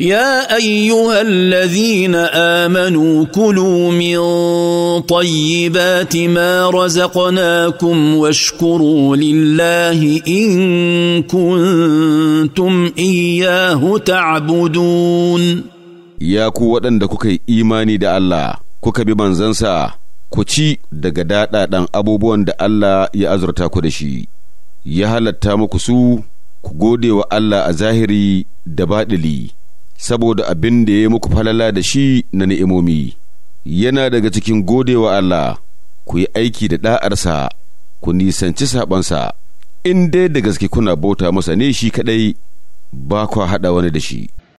يا ايها الذين امنوا كلوا من طيبات ما رزقناكم واشكروا لله ان كنتم اياه تعبدون يا ku waɗanda kuka yi imani da Allah kuka bi manzansa ku ci daga daɗaɗan abubuwan da Allah ya azurta ku da shi ya halatta muku su ku gode wa Allah a zahiri da baɗili saboda abin da ya yi muku falala da shi na ni'imomi yana daga cikin godewa Allah ku yi aiki da ɗa'arsa ku nisanci saɓansa in dai da gaske kuna bauta masa ne shi kaɗai ba kwa haɗa wani da shi